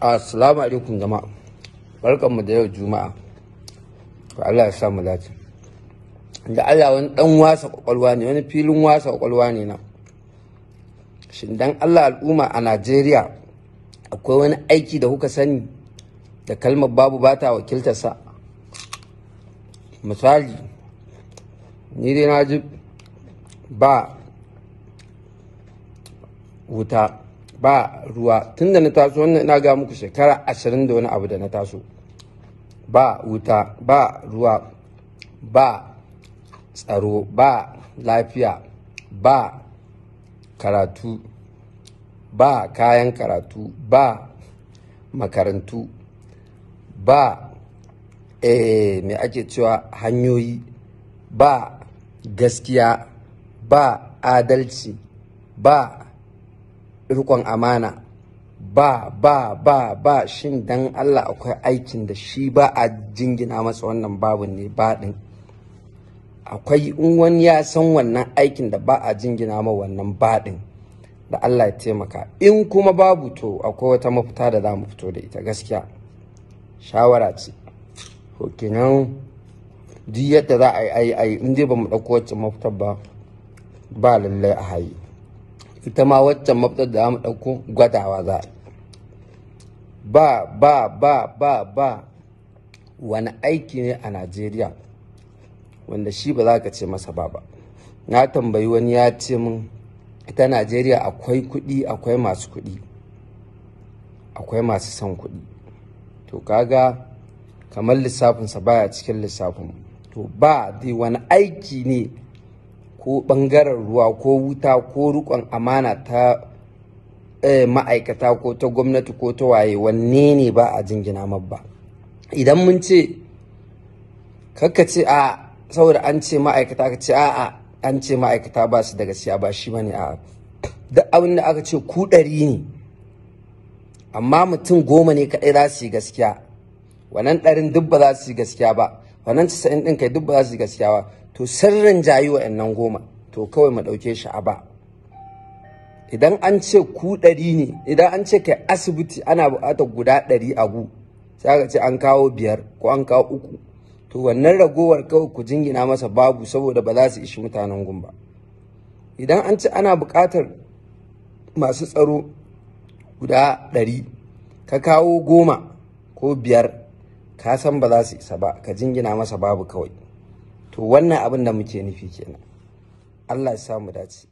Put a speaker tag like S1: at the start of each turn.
S1: Assalamu alaikum jama'a. Barkanmu da yau Juma'a. Ko Allah ya sa mu dace. Da Allah wani dan wasa kwakwalwa ne, wani filin wasa kwakwalwa ne na. Shin dan Allah al'umma a Najeriya akwai wani aiki da kuka sani da kalmar babu bata wakiltar sa Misali, ni dai na ji ba wuta ba ruwa tunda na taso wannan ina ga muku shekara ashirin da wani abu da na taso ba wuta ba ruwa ba tsaro ba lafiya ba karatu ba kayan karatu ba makarantu ba eh, me ake cewa hanyoyi ba gaskiya ba adalci ba rikon amana ba ba ba ba shin dan Allah akwai aikin da shi ba a jingina masa wannan babin ne ba din akwai in wani ya san wannan aikin da ba a jingina ma wannan ba din da Allah ya taimaka in kuma babu to akwai wata mafita da za mu fito da ita gaskiya shawara ce kenan duk yadda za a yi ayi in dai ba mu ɗauko wacce mafita ba ba lallai a hayi ita ma waccan mafitar da mu ɗauko gwadawa za ba ba ba ba ba wani aiki ne a najeriya wanda shi ba za ka ce masa ba ba na tambayi wani ya ce min ita najeriya akwai kuɗi akwai masu kuɗi akwai masu son kuɗi to kaga kamar lissafinsa baya cikin lissafin to ba dai wani aiki ne ko bangaren ruwa ko wuta ko rikon amana ta eh, ma'aikata ko ta gwamnati ko ta waye wanne ne ba a jingina mabba idan mun ce kakka ce a saboda an ce ma'aikata ka ce a'a an ce ma'aikata ba su da gaskiya ba shi ne a duk abin da aka ce ku ɗari ne amma mutum goma ne kaɗai za su yi gaskiya wannan ɗarin duk ba za su yi gaskiya ba wannan casa'in ɗin kai duk ba za su yi gaskiya ba to sirrin jayi nan goma to kawai mu ɗauke shi a ba idan an ce ku ɗari ne idan an ce kai asibiti ana buƙatar guda ɗari abu sai aka ce an kawo biyar ko an kawo uku to wannan ragowar kawai ku jingina masa babu saboda ba za su ishi mutanen gun ba idan an ce ana buƙatar masu tsaro guda ɗari ka kawo goma ko biyar ka san ba za su isa ba ka jingina masa babu kawai to wannan abin da muke nufi kenan Allah ya samu dace